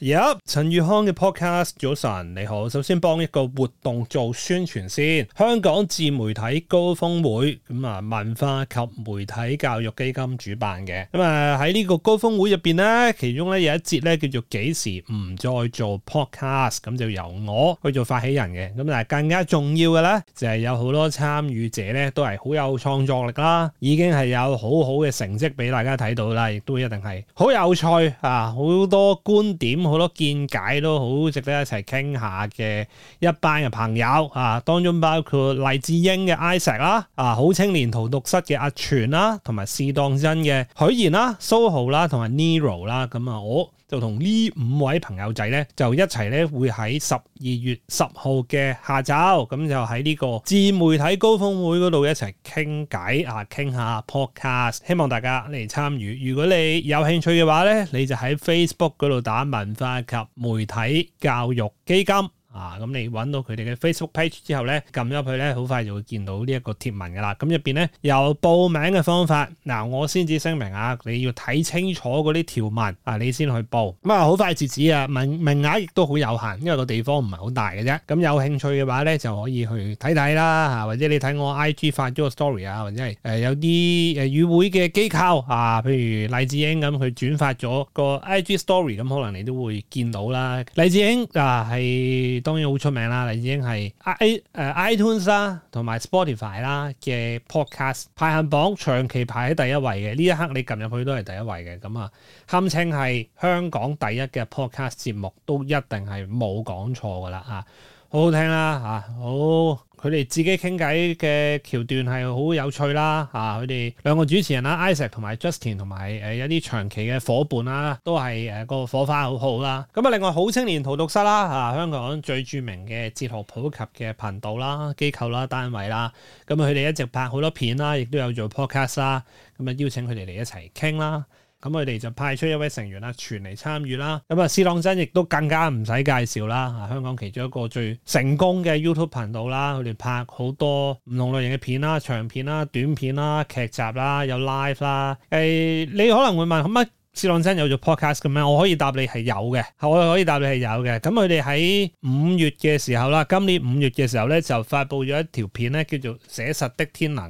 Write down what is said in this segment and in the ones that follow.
入陳宇康嘅 podcast，早晨你好。首先幫一個活動做宣傳先，香港自媒體高峰會，咁啊文化及媒體教育基金主辦嘅。咁啊喺呢個高峰會入邊咧，其中咧有一節咧叫做幾時唔再做 podcast，咁就由我去做發起人嘅。咁但係更加重要嘅咧，就係有好多參與者咧都係好有創作力啦，已經係有好好嘅成績俾大家睇到啦，亦都一定係好有趣啊，好多觀點。好多見解都好值得一齊傾下嘅一班嘅朋友啊，當中包括黎智英嘅 Isaac 啦、啊，啊好青年荼毒室嘅阿全啦，同埋試當真嘅許賢啦、啊、Soho 啦、同埋 Nero 啦、啊，咁啊我，就同呢五位朋友仔呢，就一齊呢會喺十二月十號嘅下晝，咁就喺呢個自媒體高峰會嗰度一齊傾偈啊，傾下 podcast，希望大家嚟參與。如果你有興趣嘅話呢，你就喺 Facebook 嗰度打文化及媒體教育基金。啊，咁你揾到佢哋嘅 Facebook page 之後咧，撳入去咧，好快就會見到呢一個貼文噶啦。咁入邊咧，有報名嘅方法，嗱、啊、我先至聲明啊，你要睇清楚嗰啲條文啊，你先去報咁啊，好快截止啊，名名額亦都好有限，因為個地方唔係好大嘅啫。咁有興趣嘅話咧，就可以去睇睇啦，或者你睇我 IG 發咗個 story 啊，或者係誒、呃、有啲誒與會嘅機構啊，譬如黎智英咁佢轉發咗個 IG story，咁、啊、可能你都會見到啦。黎智英啊，係。當然好出名啦，你已經係 i、uh, iTunes 啦，同埋 Spotify 啦嘅 podcast 排行榜長期排喺第一位嘅，呢一刻你撳入去都係第一位嘅，咁啊，堪稱係香港第一嘅 podcast 節目，都一定係冇講錯噶啦嚇，好好聽啦嚇，好。佢哋自己傾偈嘅橋段係好有趣啦，啊！佢哋兩個主持人啦，Isaac 同埋 Justin 同埋誒一啲長期嘅伙伴啦，都係誒個火花好好啦。咁啊，另外好青年荼毒室啦，啊，香港最著名嘅哲學普及嘅頻道啦、機構啦、單位啦，咁啊，佢哋一直拍好多片啦，亦都有做 podcast 啦，咁啊，邀請佢哋嚟一齊傾啦。咁佢哋就派出一位成員啦，全嚟參與啦。咁啊，司朗真亦都更加唔使介紹啦。啊，香港其中一個最成功嘅 YouTube 頻道啦，佢哋拍好多唔同類型嘅片啦、長片啦、短片啦、劇集啦、有 live 啦。誒、哎，你可能會問，咁啊，司朗真有做 podcast 咁樣？我可以答你係有嘅，我係可以答你係有嘅。咁佢哋喺五月嘅時候啦，今年五月嘅時候咧，就發布咗一條片咧，叫做《寫實的天能》。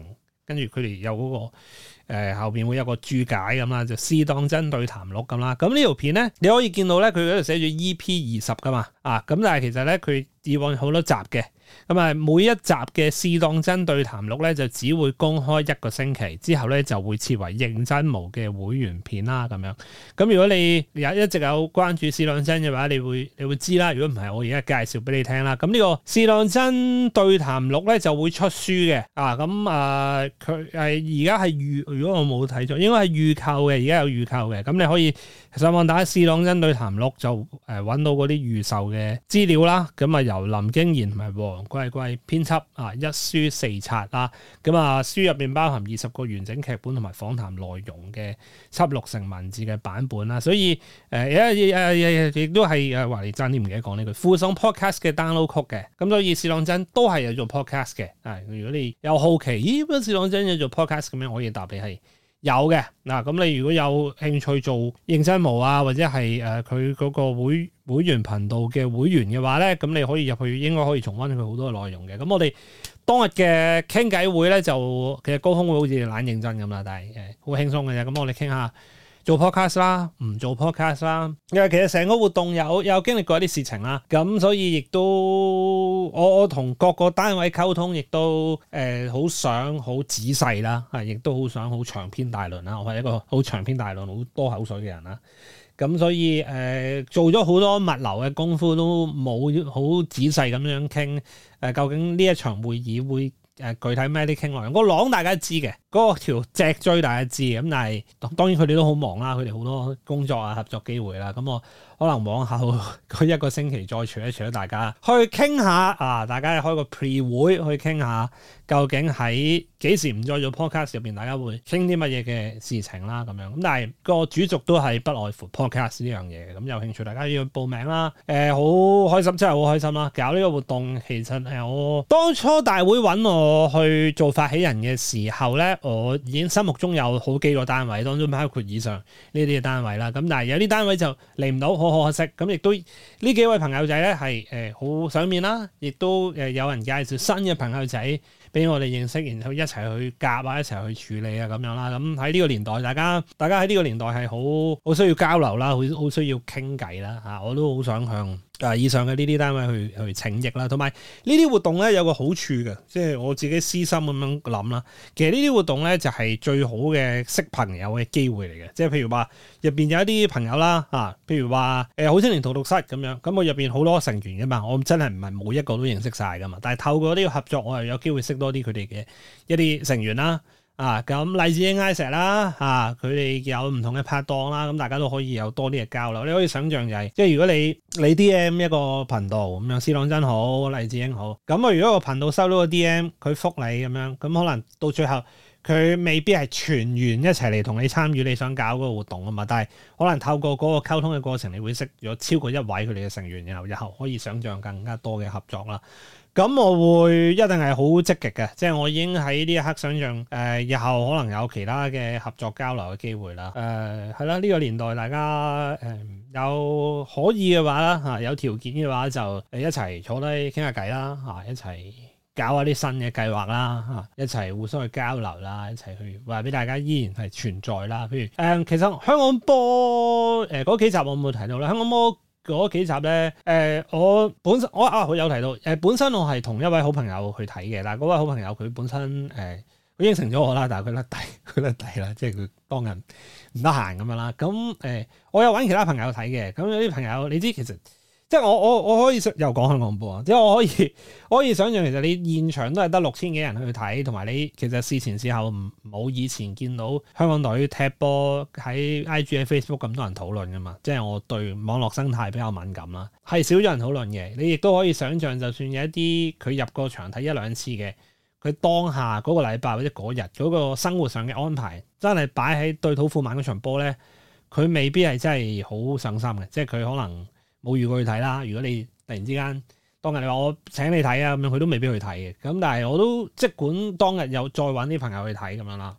跟住佢哋有嗰、那個誒、呃、後邊會有個注解咁啦，就適當針對談論咁啦。咁、嗯、呢條片咧，你可以見到咧，佢嗰度寫住 EP 二十噶嘛，啊，咁但係其實咧佢。以往好多集嘅，咁啊每一集嘅試當真對談錄咧就只會公開一個星期，之後咧就會設為認真無嘅會員片啦咁樣。咁如果你有一直有關注試當真嘅話，你會你會知啦。如果唔係，我而家介紹俾你聽啦。咁呢個試當真對談錄咧就會出書嘅啊。咁啊佢係而家係預，如果我冇睇錯，應該係預購嘅，而家有預購嘅。咁你可以上網打試當真對談錄就誒揾到嗰啲預售嘅資料啦。咁啊～由林京賢同埋黃貴貴編輯啊，一書四冊啦，咁啊書入邊包含二十個完整劇本同埋訪談內容嘅輯錄成文字嘅版本啦，所以誒，一、呃呃呃呃、亦都係誒，話、呃、你、就是、爭啲唔記得講呢句附送 podcast 嘅 download 曲嘅，咁所以視朗真都係有做 podcast 嘅，係如果你有好奇咦，視朗真有做 podcast 咁樣，我可以答你係。有嘅嗱，咁你如果有興趣做認真模啊，或者係誒佢嗰個會會員頻道嘅會員嘅話咧，咁你可以入去應該可以重溫佢好多內容嘅。咁我哋當日嘅傾偈會咧，就其實高峯會好似懶認真咁啦，但係誒好輕鬆嘅啫。咁我哋傾下。做 podcast 啦，唔做 podcast 啦，因為其實成個活動有有經歷過一啲事情啦，咁所以亦都我我同各個單位溝通，亦都誒好想好仔細啦，啊，亦都好想好長篇大論啦，我係一個好長篇大論、好多口水嘅人啦，咁所以誒、呃、做咗好多物流嘅功夫，都冇好仔細咁樣傾誒究竟呢一場會議會。誒具體咩啲傾落去，嗰個籠大家知嘅，嗰個條脊椎大家知嘅，咁但係當然佢哋都好忙啦，佢哋好多工作啊合作機會啦，咁我可能往後佢一個星期再除一除，大家去傾下啊，大家開個 pre 會去傾下，究竟喺幾時唔再做 podcast 入邊，大家會傾啲乜嘢嘅事情啦咁樣，咁但係個主軸都係不外乎 podcast 呢樣嘢嘅，咁有興趣大家要報名啦，誒、呃、好開心真係好開心啦，搞呢個活動其實誒、呃、我當初大會揾我。我去做發起人嘅時候呢，我已經心目中有好幾個單位，當中包括以上呢啲嘅單位啦。咁但係有啲單位就嚟唔到，好可惜。咁亦都呢幾位朋友仔呢，係誒好想面啦，亦都誒有人介紹新嘅朋友仔俾我哋認識，然後一齊去夾啊，一齊去處理啊咁樣啦。咁喺呢個年代，大家大家喺呢個年代係好好需要交流啦，好好需要傾偈啦嚇。我都好想向～啊！以上嘅呢啲單位去去請益啦，同埋呢啲活動咧有個好處嘅，即係我自己私心咁樣諗啦。其實呢啲活動咧就係最好嘅識朋友嘅機會嚟嘅。即係譬如話入邊有一啲朋友啦啊，譬如話誒好青年荼毒室咁樣，咁我入邊好多成員嘅嘛，我真係唔係每一個都認識晒噶嘛。但係透過呢個合作，我又有機會識多啲佢哋嘅一啲成員啦。啊，咁例子英 I 石啦，啊，佢哋有唔同嘅拍檔啦，咁、啊、大家都可以有多啲嘅交流。你可以想象就係、是，即係如果你你 DM 一個頻道咁樣，師朗真好，例子英好，咁啊，如果個頻道收到個 DM，佢覆你咁樣，咁、啊、可能到最後佢未必係全員一齊嚟同你參與你想搞嗰個活動啊嘛，但係可能透過嗰個溝通嘅過程，你會識咗超過一位佢哋嘅成員，然後以後可以想象更加多嘅合作啦。咁我會一定係好積極嘅，即係我已經喺呢一刻想象，誒，日後可能有其他嘅合作交流嘅機會啦。誒，係啦，呢個年代大家誒有可以嘅話啦，嚇有條件嘅話就誒一齊坐低傾下偈啦，嚇一齊搞下啲新嘅計劃啦，嚇一齊互相去交流啦，一齊去話俾大家依然係存在啦。譬如誒，其實香港波誒嗰幾集我冇提到啦，香港波。嗰幾集咧，誒、呃，我本身我啊，我有提到，誒、呃，本身我係同一位好朋友去睇嘅，但係嗰位好朋友佢本身誒，佢、呃、應承咗我啦，但係佢甩底，佢甩底啦，即係佢幫人唔得閒咁樣啦。咁誒、呃，我有搵其他朋友睇嘅，咁有啲朋友你知其實。即係我我我可以又講香港波啊！即係我可以我可以想象，其實你現場都係得六千幾人去睇，同埋你其實事前事後唔冇以前見到香港隊踢波喺 IG、Facebook 咁多人討論㗎嘛。即係我對網絡生態比較敏感啦，係少咗人討論嘅。你亦都可以想象，就算有一啲佢入過場睇一兩次嘅，佢當下嗰個禮拜或者嗰日嗰個生活上嘅安排，真係擺喺對土庫曼嗰場波咧，佢未必係真係好上心嘅，即係佢可能。冇預過去睇啦。如果你突然之間當日你話我請你睇啊咁樣，佢都未必去睇嘅。咁但係我都即管當日又再搵啲朋友去睇咁樣啦。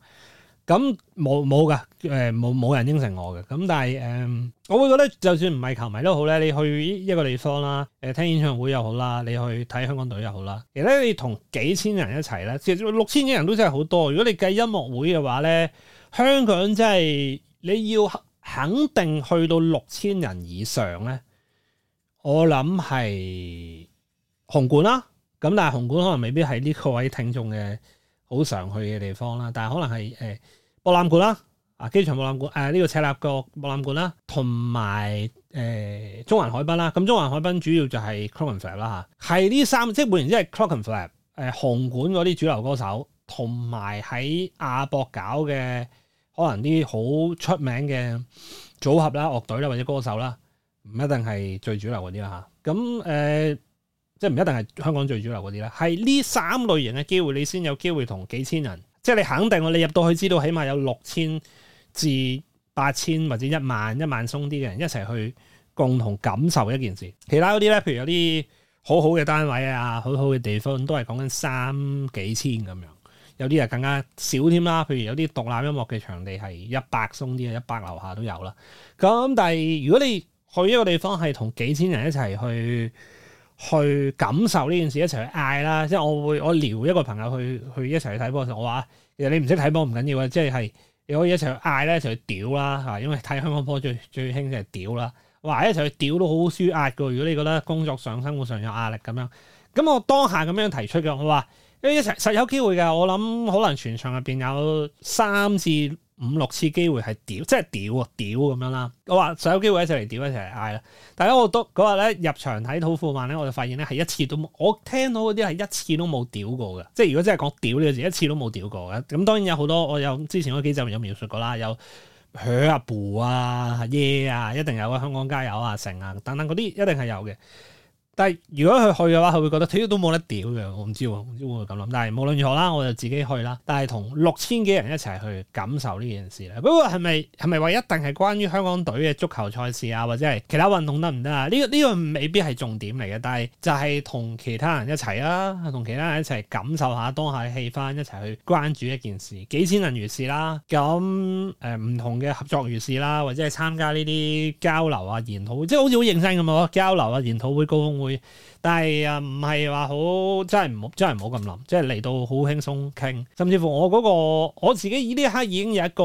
咁冇冇㗎？誒冇冇人應承我嘅。咁但係誒、呃，我會覺得就算唔係球迷都好咧，你去一個地方啦，誒聽演唱會又好啦，你去睇香港隊又好啦。其實咧，你同幾千人一齊咧，其實六千幾人都真係好多。如果你計音樂會嘅話咧，香港真係你要肯定去到六千人以上咧。我諗係紅館啦，咁但係紅館可能未必係呢個位聽眾嘅好常去嘅地方啦，但係可能係誒、呃、博覽館啦，啊機場博覽館誒呢個赤鱲角博覽館啦，同埋誒中環海濱啦。咁中環海濱主要就係 Clockenflap 啦吓，係呢三即係換言之係 Clockenflap 誒紅館嗰啲主流歌手，同埋喺亞博搞嘅可能啲好出名嘅組合啦、樂隊啦或者歌手啦。唔一定係最主流嗰啲啦吓，咁誒、呃，即係唔一定係香港最主流嗰啲啦，係呢三類型嘅機會，你先有機會同幾千人，即係你肯定我你入到去知道，起碼有六千至八千或者一萬一萬鬆啲嘅人一齊去共同感受一件事。其他嗰啲咧，譬如有啲好好嘅單位啊，好好嘅地方，都係講緊三幾千咁樣。有啲啊更加少添啦，譬如有啲獨立音樂嘅場地係一百鬆啲啊，一百樓下都有啦。咁但係如果你去一個地方係同幾千人一齊去去感受呢件事，一齊去嗌啦。即係我會我撩一個朋友去去一齊去睇波，我話其實你唔識睇波唔緊要啊，即係係你可以一齊去嗌咧，一齊去屌啦嚇，因為睇香港波最最興就係屌啦。哇！一齊去屌都好舒壓㗎，如果你覺得工作上、生活上有壓力咁樣，咁我當下咁樣提出嘅，我話一齊實有機會嘅。我諗可能全場入邊有三次。五六次機會係屌，即係屌啊屌咁樣啦！我話所有機會一齊嚟屌一齊嚟嗌啦！但我都嗰日咧入場睇土庫曼咧，我就發現咧係一次都冇。我聽到嗰啲係一次都冇屌過嘅，即係如果真係講屌呢個字，一次都冇屌過嘅。咁當然有好多，我有之前嗰幾集有描述過啦，有噓啊布啊耶啊，一定有啊香港加油啊成啊等等嗰啲，一定係有嘅。但係如果佢去嘅話，佢會覺得睇、哎、都冇得屌嘅，我唔知喎，唔知我會咁諗。但係無論如何啦，我就自己去啦。但係同六千幾人一齊去感受呢件事咧。是不過係咪係咪話一定係關於香港隊嘅足球賽事啊，或者係其他運動得唔得啊？呢、這個呢、這個未必係重點嚟嘅，但係就係同其他人一齊啦，同其他人一齊感受下當下嘅氣氛，一齊去關注一件事，幾千人如是啦。咁誒，唔、呃、同嘅合作如是啦，或者係參加呢啲交流啊、研討會，即係好似好認真咁咯。交流啊、研討會、高峰會。但係啊，唔係話好真係唔好，真係唔好咁諗，即係嚟到好輕鬆傾，甚至乎我嗰個我自己呢一刻已經有一個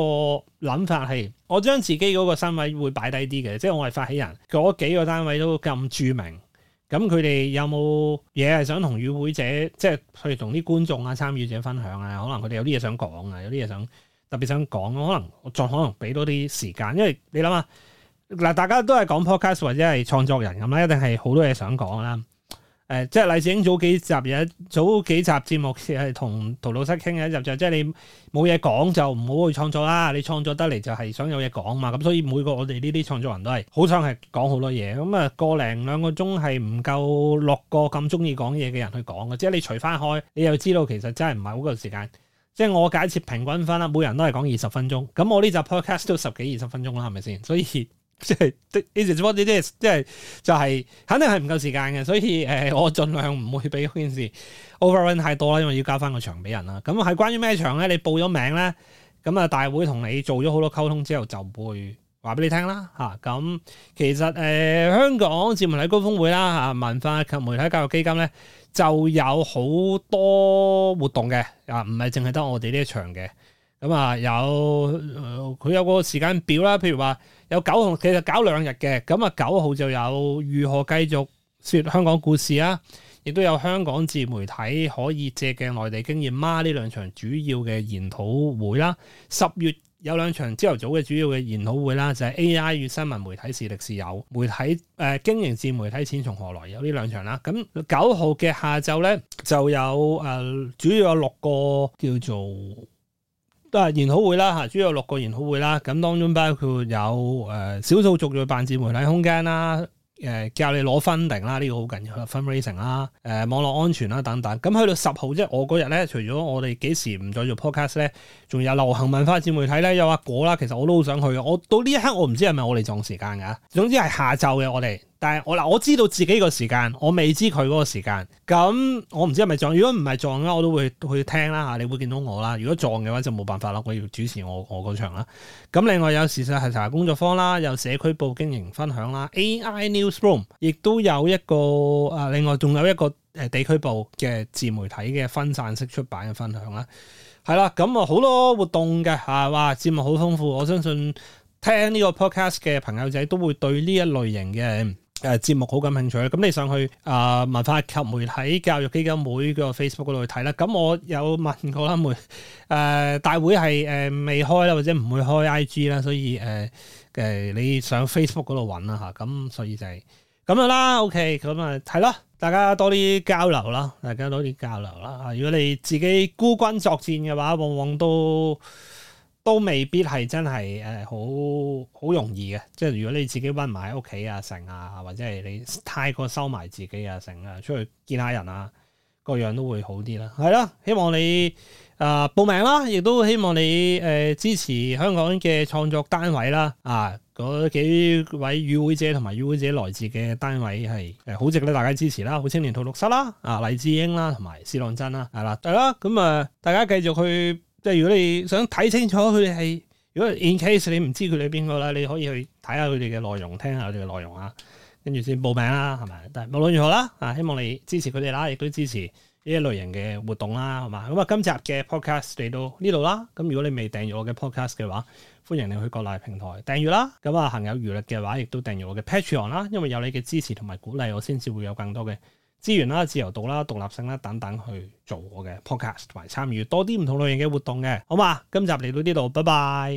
諗法係，我將自己嗰個身位會擺低啲嘅，即係我係發起人，嗰幾個單位都咁著名，咁佢哋有冇嘢係想同與會者，即係去同啲觀眾啊、參與者分享啊，可能佢哋有啲嘢想講啊，有啲嘢想特別想講，可能我再可能俾多啲時間，因為你諗下。嗱，大家都係講 podcast 或者係創作人咁啦，一定係好多嘢想講啦。誒、呃，即係例如早幾集嘢，早幾集節目其實同陶老師傾嘅一集就即、是、係你冇嘢講就唔好去創作啦。你創作得嚟就係想有嘢講嘛。咁、嗯、所以每個我哋呢啲創作人都係好想係講好多嘢。咁、嗯、啊，個零兩個鐘係唔夠六個咁中意講嘢嘅人去講嘅，即係你除翻開，你又知道其實真係唔係好夠時間。即係我假設平均分啦，每人都係講二十分鐘。咁我呢集 podcast 都十幾二十分鐘啦，係咪先？所以。即係即係就係，肯定係唔夠時間嘅，所以誒、呃，我盡量唔會俾件事 overrun 太多啦，因為要交翻個場俾人啦。咁係關於咩場咧？你報咗名咧，咁啊大會同你做咗好多溝通之後，就會話俾你聽啦。吓、啊、咁、嗯、其實誒、呃，香港自媒體高峰會啦，吓、啊、文化及媒體教育基金咧，就有好多活動嘅，啊，唔係淨係得我哋呢一場嘅。咁啊、嗯，有佢、呃、有個時間表啦。譬如話，有九號其實搞兩日嘅，咁啊九號就有如何繼續説香港故事啊，亦都有香港自媒體可以借鏡內地經驗嗎？呢兩場主要嘅研討會啦，十月有兩場朝頭早嘅主要嘅研討會啦，就係、是、A I 與新聞媒體是敵是友，媒體誒、呃、經營自媒體錢從何來？有呢兩場啦。咁九號嘅下晝咧就有誒、呃，主要有六個叫做。都係研討會啦嚇，主要有六個研討會啦，咁當中包括有誒少、呃、數族裔辦自媒體空間啦，誒、呃、教你攞 funding 啦，呢、呢個好緊要啦，funding 啦，誒、呃、網絡安全啦等等。咁去到十號即係我嗰日咧，除咗我哋幾時唔再做 podcast 咧，仲有流行文化自媒體咧，有阿果啦，其實我都好想去，我到呢一刻我唔知係咪我哋撞時間㗎，總之係下晝嘅我哋。但係我嗱，我知道自己個時間，我未知佢嗰個時間。咁我唔知係咪撞。如果唔係撞咧，我都會去聽啦嚇。你會見到我啦。如果撞嘅話，就冇辦法啦。我要主持我我嗰場啦。咁另外有事實係查工作坊啦，有社區部經營分享啦，AI Newsroom 亦都有一個啊，另外仲有一個誒地區部嘅自媒體嘅分散式出版嘅分享啦。係啦，咁啊好多活動嘅嚇，哇節目好豐富。我相信聽呢個 podcast 嘅朋友仔都會對呢一類型嘅。誒，節目好感興趣，咁你上去啊、呃、文化及媒體教育基金會個 Facebook 嗰度去睇啦。咁我有問過啦梅，誒、呃、大會係誒、呃、未開啦，或者唔會開 I G 啦，所以誒誒你上 Facebook 嗰度揾啦吓。咁所以就係咁樣啦，OK，咁啊係咯，大家多啲交流啦，大家多啲交流啦。如果你自己孤軍作戰嘅話，往往都。都未必係真係誒，好好容易嘅。即係如果你自己溫埋喺屋企啊，成啊，或者係你太過收埋自己啊，成啊，出去見下人啊，個樣都會好啲啦。係咯，希望你啊、呃、報名啦，亦都希望你誒、呃、支持香港嘅創作單位啦。啊，嗰幾位與會者同埋與會者來自嘅單位係誒好值得大家支持啦，好青年荼毒室啦，啊黎智英啦，同埋施朗真啦，係啦，係啦，咁啊，大家繼續去。即係如果你想睇清楚佢哋係，如果 in case 你唔知佢哋邊個啦，你可以去睇下佢哋嘅內容，聽下佢哋嘅內容啊，跟住先報名啦，係咪？但係無論如何啦，啊，希望你支持佢哋啦，亦都支持呢一類型嘅活動啦，係嘛？咁啊，今集嘅 podcast 嚟到呢度啦，咁如果你未訂閱我嘅 podcast 嘅話，歡迎你去各大平台訂閱啦。咁啊，行有餘力嘅話，亦都訂閱我嘅 Patreon 啦，因為有你嘅支持同埋鼓勵，我先至會有更多嘅。資源啦、自由度啦、獨立性啦等等，去做我嘅 podcast，同埋參與多啲唔同類型嘅活動嘅，好嘛？今集嚟到呢度，拜拜。